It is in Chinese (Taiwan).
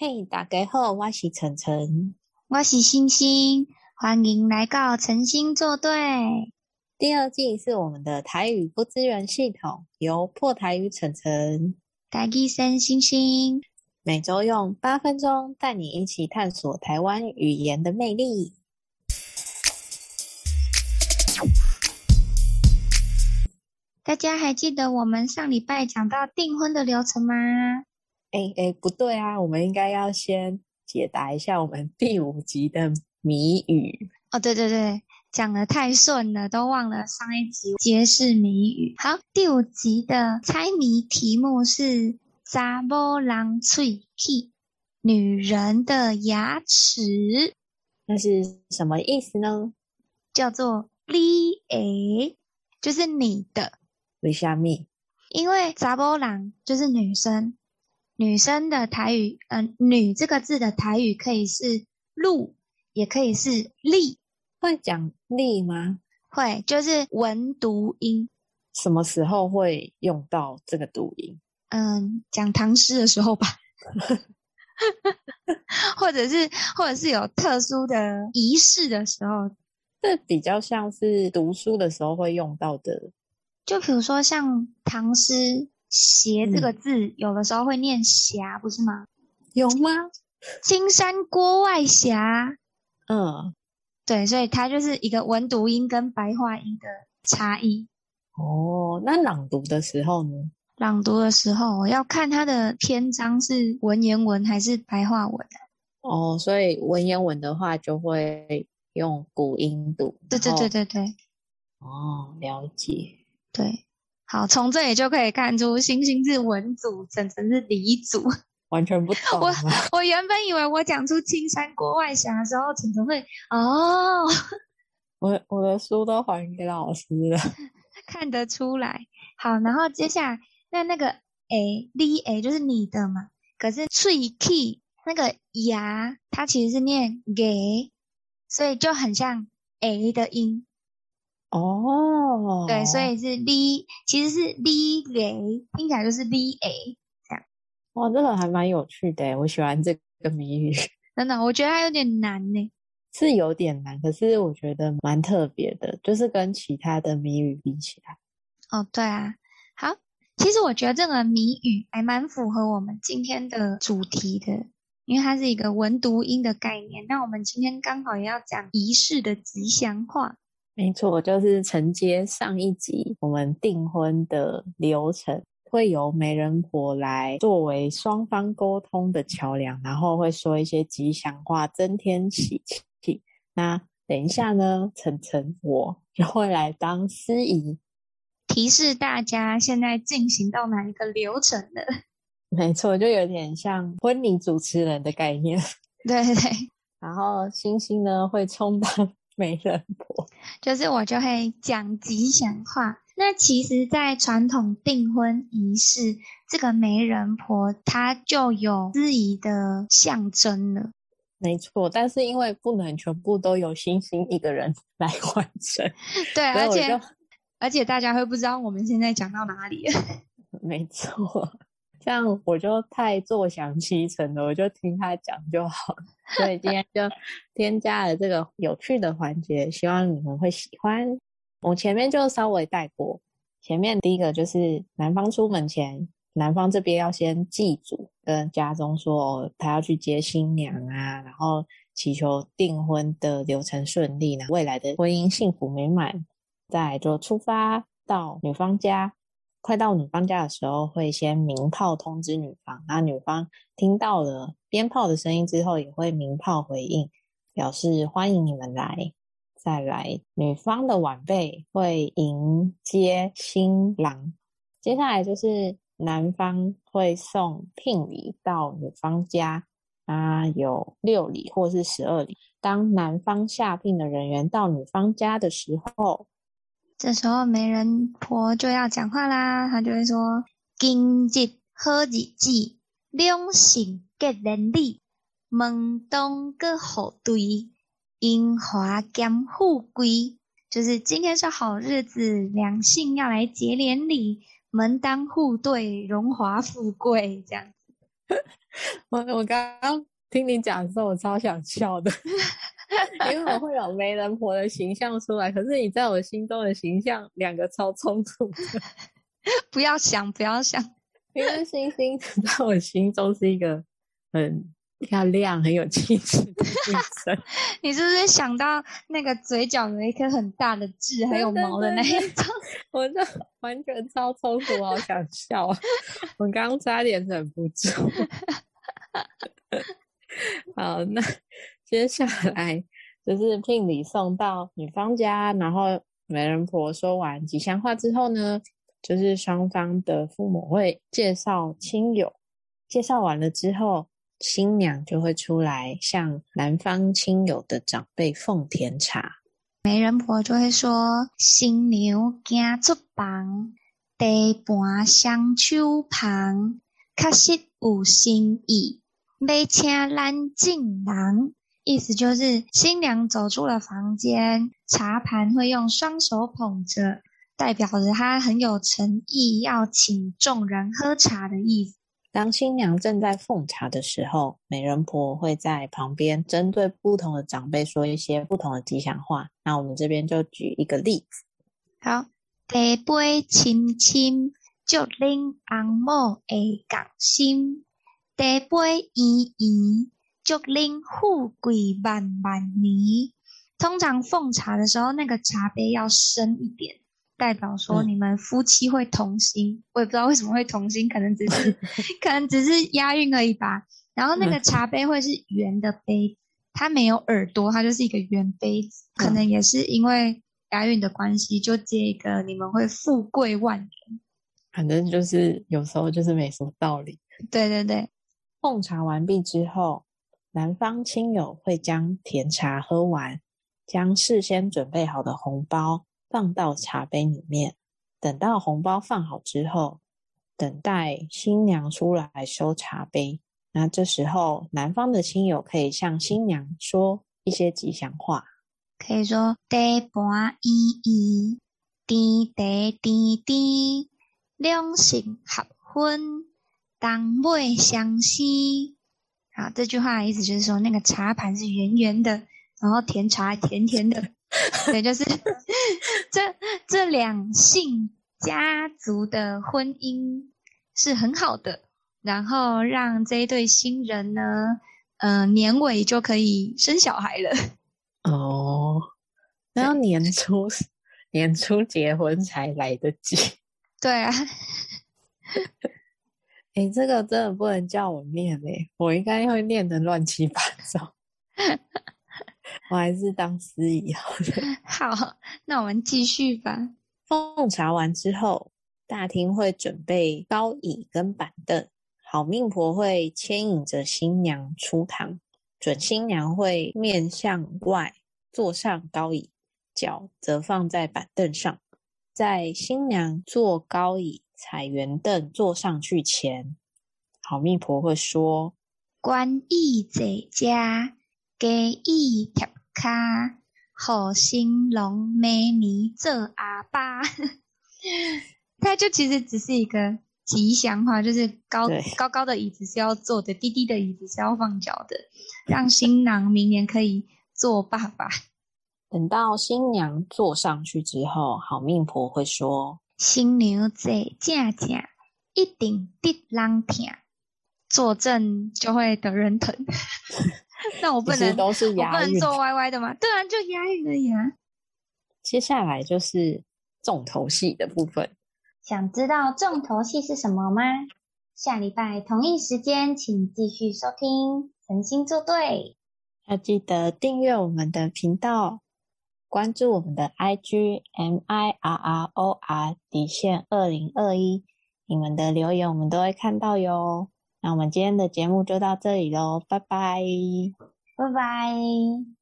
嘿，hey, 大家好，我是岑岑，我是芯芯，歡迎來到岑芯作對第二季，是我們的台語不支援系統，由破台語岑岑帶給聲芯芯，每周用八分鐘帶你一起探索台灣語言的魅力。大家還記得我們上禮拜講到訂婚的流程嗎？哎哎、欸欸，不對啊！我們應該要先解答一下我們第五集的謎語哦。對對對，講得太順了，都忘了上一集揭示謎語。好，第五集的猜謎題目是“扎波狼翠 K”，女人的牙齒。那是什麼意思呢？叫做 “Li A”，就是你的。為啥咪？因為扎波狼就是女生。女生的台語，嗯、呃，女這個字的台語可以是露，也可以是麗，會講麗嗎？會，就是文讀音。什麼時候會用到這個讀音？嗯，講唐詩的時候吧， 或者是或者是有特殊的儀式的時候。這比較像是讀書的時候會用到的，就比如說像唐詩。“斜”這個字，嗯、有的時候會念“霞”，不是嗎？有嗎？“青山郭外斜。”嗯，對，所以它就是一個文讀音跟白話音的差異。哦，那朗讀的時候呢？朗讀的時候，要看它的篇章是文言文還是白話文。哦，所以文言文的話，就會用古音讀。對對對對對。然後，哦，了解。對。好，從這裡就可以看出，星星是文組，晨晨是理組，完全不同。我我原本以為我講出青山郭外斜的時候，晨晨會哦。我我的書都還給老師了， 看得出來。好，然後接下來那那個誒 l a 就是你的嘛？可是 t k 那個牙，它其實是念給，所以就很像 a 的音。哦，oh, 對，所以是哩，其實是哩 i 聽起來就是哩 i 這樣。哇，這個還蠻有趣的，我喜歡這個謎語。真的，我覺得它有點難呢。是有點難，可是我覺得蠻特別的，就是跟其他的謎語比起來。哦，對啊，好，其實我覺得這個謎語還蠻符合我們今天的主題的，因為它是一個文讀音的概念。那我們今天剛好也要講儀式的吉祥話。沒錯，就是承接上一集我們訂婚的流程，會由媒人婆來作為雙方溝通的橋梁，然後會說一些吉祥話，增添喜氣。那等一下呢，岑岑我就會來當司儀，提示大家現在進行到哪一個流程了。沒錯，就有點像婚禮主持人的概念。對對，然後芯芯呢會充當。媒人婆，就是我就會講吉祥話。那其實，在傳統訂婚儀式，這個媒人婆她就有司儀的象徵了。沒錯，但是因為不能全部都由星星一個人來完成，對，而且而且大家會不知道我們現在講到哪裡了。沒錯。這樣我就太坐享其成了，我就聽他講就好 所以今天就添加了這個有趣的環節，希望你們會喜歡。我前面就稍微帶過，前面第一個就是男方出門前，男方這邊要先祭祖跟家中說哦，他要去接新娘啊，然後祈求訂婚的流程順利呢，未來的婚姻幸福美滿，再來就出發到女方家。快到女方家的時候，會先鳴炮通知女方，那女方聽到了鞭炮的聲音之後，也會鳴炮回應，表示歡迎你們來。再來，女方的晚輩會迎接新郎，接下來就是男方會送聘禮到女方家，啊，有六禮或是十二禮。當男方下聘的人員到女方家的時候，這時候媒人婆就要講話啦，她就會說：“就是、今日好日子，兩姓結連理，門當個戶對，榮華兼富貴。”就是今天是好日子，兩姓要來結連理，門當戶對，榮華富貴這樣子。我 我剛剛聽你講的時候，我超想笑的。 因為我會有媒人婆的形象出來，可是你在我心中的形象兩個超衝突。不要想，不要想， 因為星星在我心中是一個很漂亮、很有氣質的女生。 你是不是想到那個嘴角有一顆很大的痣， 還有毛的那一種？ 我這完全超衝突，我好想笑啊！ 我剛差點忍不住。 好，那。接下來就是聘禮送到女方家，然後媒人婆說完吉祥話之後呢，就是雙方的父母會介紹親友。介紹完了之後，新娘就會出來向男方親友的長輩奉甜茶，媒人婆就會說：“新娘家出旁，地盤香抽旁，確實有心意，沒請南靖人。”意思就是，新娘走出了房間，茶盤會用雙手捧着代表着她很有誠意要請眾人喝茶的意思。當新娘正在奉茶的時候，媒人婆會在旁邊針對不同的長輩說一些不同的吉祥話。那我們這邊就舉一個例子：好，第八親親就令昂母會感心，第八姨姨。祝恁富貴萬萬年。通常奉茶的時候，那個茶杯要深一點，代表說你們夫妻會同心。嗯、我也不知道為什麼會同心，可能只是 可能只是押韻而已吧。然後那個茶杯會是圓的杯，嗯、它沒有耳朵，它就是一個圓杯子。嗯、可能也是因為押韻的關係，就接一個你們會富貴萬年。反正就是有時候就是沒什麼道理。對對對，奉茶完畢之後。男方親友會將甜茶喝完，將事先準備好的紅包放到茶杯裡面。等到紅包放好之後，等待新娘出來收茶杯。那這時候，男方的親友可以向新娘說一些吉祥話，可以說“得八一一滴得滴滴，兩姓合婚，當未相思”。啊，這句話的意思就是說，那個茶盤是圓圓的，然後甜茶甜甜的， 對，就是這這兩姓家族的婚姻是很好的，然後讓這一對新人呢，嗯、呃，年尾就可以生小孩了。哦，那要年初對年初結婚才來得及。對啊。 你、欸、這個真的不能叫我念誒、欸，我應該會念得亂七八糟。 我還是當司儀好了。好，那我們繼續吧。奉茶完之後，大廳會準備高椅跟板凳，好命婆會牽引着新娘出堂，準新娘會面向外坐上高椅，腳則放在板凳上。在新娘坐高椅。踩圓凳坐上去前，好命婆會說：“官易在家，給一吃卡，好心龍妹你做阿爸。 ”他就其實只是一個吉祥話，就是高對高高的椅子是要坐的，低低的椅子是要放腳的，讓新郎明年可以做爸爸。等到新娘坐上去之後，好命婆會說，新娘坐正正，一定得人疼。坐正就會得人疼。 那我不能，都是我不能坐歪歪的嘛。對啊，就壓抑的呀。接下來就是重頭戲的部分。想知道重頭戲是什麼嗎？下禮拜同一時間，請繼續收聽《岑芯作對》，要記得訂閱我們的頻道。關注我們的 IG, I G M I R R O R 底線二零二一，你們的留言我們都會看到喲。那我們今天的節目就到這裡嘍，拜拜，拜拜。